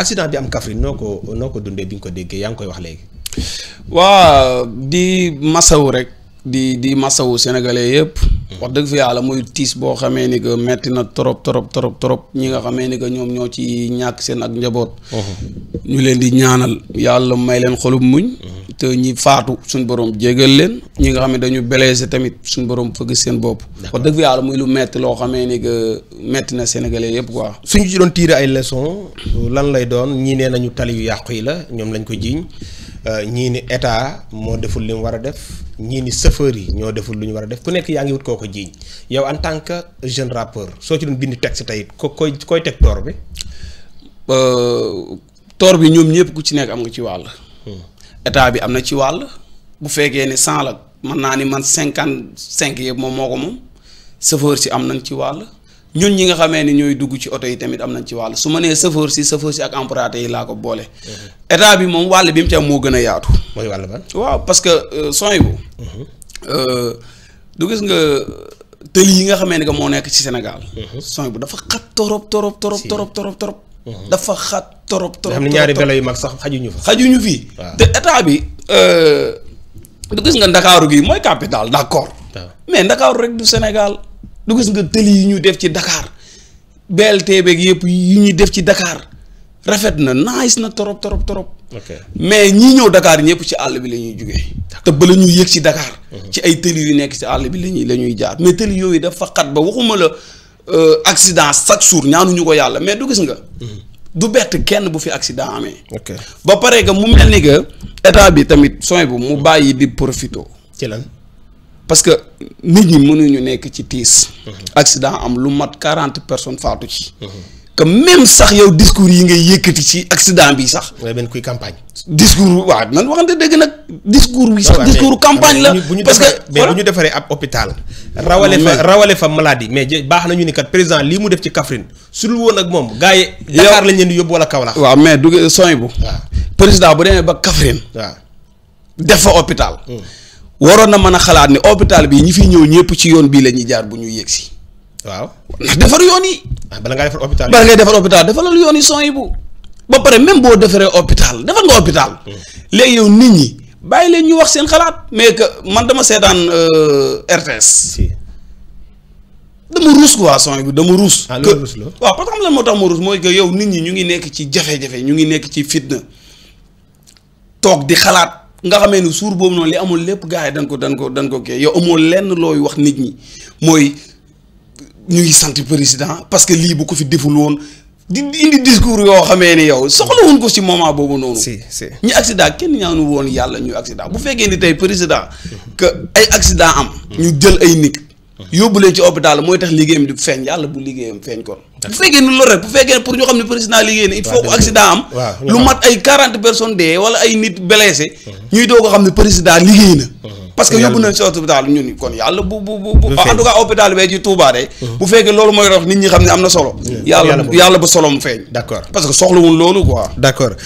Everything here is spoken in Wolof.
accident bi am Kaffrine noo ko noo ko dundee bi nga ko déggee yaa ngi koy wax léegi. waa di masawu rek di di masawu sénégalais yëpp. Hmm. wax dëgg fi yàlla muy tiis boo xamee ni que metti na trop trop trop trop ñi nga xamee ni que ñoom ñoo ci ñàkk seen ak njaboot. Hmm. ñu leen di ñaanal yàlla may leen xolum muñ. Hmm. te ñi faatu suñ borom jégal leen ñi nga xam ne dañu blessé tamit suñ borom fëgg seen bopp. wax dëgg yàlla muy lu metti loo xamee ni que metti na sénégalais ko quoi. suñu ci doon tiire ay leçons lan lay doon ñii nee nañu tali yu yàqu yi la ñoom lañ ko jiiñ euh, ñii ni état moo deful li war a def ñii ni chauffeur yi ñoo deful lu ñu war a def ku nekk yaa ngi wut koo ko jiiñ yow en tant que jeune rappeur soo ci doon bind texte tey ko koy koy teg toor bi. Euh, toor bi ñoom ñëpp ku ci nekk am nga ci wàll. Hmm. état bi am na ci wàll bu fekkee ni cent la mën naa ni man cinquante cinq yëpp moom moo ko moom chauffeur si am nañ ci wàll ñun ñi nga xamee ni ñooy dugg ci oto yi tamit am nañ ci wàll su ma nee chauffeur si chauffeur si ak emprunté yi laa ko boole. Mm-hmm. état bi moom wàll bi mu ci moo gën a yaatu. mooy wàll ba waaw parce que euh, son yi mm-hmm. euh, du gis nga tëli yi nga xamee ni que moo nekk ci Sénégal. Mm-hmm. son bu dafa xat torop torop torop torop torop torop. Mhm. dafa xat trop trop. xam ne ñaari vélo yu mag sax xajuñu xajuñu fii. te état bi. Euh, du gis nga ndakaaru gi mooy capital d'accord. mais ndakaaru rek du Sénégal. du gis nga tëli yi ñu def ci dakaar BLT beeg yëpp yu ñuy def ci Dakar. rafet na nice na trop trop trop. mais ñii ñëw dakaar ñëpp ci àll bi la ñuy jugee. te ba la ñuy yëg ci Dakar. Mhm. ci ay tëli yu nekk ci àll bi la la ñuy jaar mais tëli yooyu dafa xat ba waxuma la. Euh, accident chaque jour ñaanuñu ko yàlla mais du gis nga. du bett kenn bu fi accident amee. ba pare que mu mel ni que état bi tamit soin bu mu bàyyi di profito ci lan parce que nit ñi mënuñu nekk ci tiis. Mhm. accident am lu mat quarante personnes faatu ci. Mhm. que même sax yow discours yi ngay yëkkati ci accident bi sax. wala benn kuy campagne. discours waaw nan waxante dëgg nag. discours bi sax discours campagne la. parce que bu ñu defaree ab hôpital. rawale fa rawale fa maladie mais baax na ñu ni kat président lii mu def ci Kaffrine su dul woon ak moom gars yi. yow lañ leen di yóbbu wala Kaolack. waaw mais du sooy bu. président bu demee ba Kaffrine. def fa hôpital. Hmm. waroon na mën a xalaat ni hôpital bi ñu fi ñëw ñëpp ci yoon bii la ñuy jaar bu ñuy yegg si. waaw Ah, bala ngay defar hôpital bala ngay defar hôpital defalal yoon yi yi bu ba pare même boo defaree hôpital defal nga hôpital hmm. léegi yow nit ñi bàyyi leen ñu wax seen xalaat mais que man dama seetaan euh, RTS dama ruus quoi ruus ah, waaw parce que xam lan moo tax ma ruus mooy que yow nit ñi ñu ngi nekk ci jafe-jafe ñu ngi nekk ci fitna toog di xalaat nga xamee ni suur boobu noonu li amul lépp gars yi dañ ko dañ ko dañ ko kii yow amoo lenn looy wax nit ñi mooy ñu sant président parce que lii bu ko fi deful woon di indi discours yoo xamee ni yow soxla soxlawuñ ko si moment boobu noonu. si si ñu accident kenn ñaanu woon yàlla ñu accident bu fekkee ni tey président. que ay accident am. ñu jël ay nit. yóbbu leen ci hôpital mooy tax liggéeyam di feeñ yàlla bu liggéeyam feeñ kon. bu fekkee ni loolu rek bu fekkee pour ñu xam ne président liggéey na il faut que accident am. lu mat ay quarante personnes dee wala ay nit blessé. Mmh. ñuy doog a xam ne président liggéey na. Mmh. parce que yóbbu nañ si hôpital ñun kon yàlla bu bu bu en tout cas hôpital bee ci Touba de bu fekkee loolu mooy dox nit ñi xam ne am na solo mmh. yàlla yàlla ba solom feeñ d'accord parce que soxlawul loolu quoi d'accord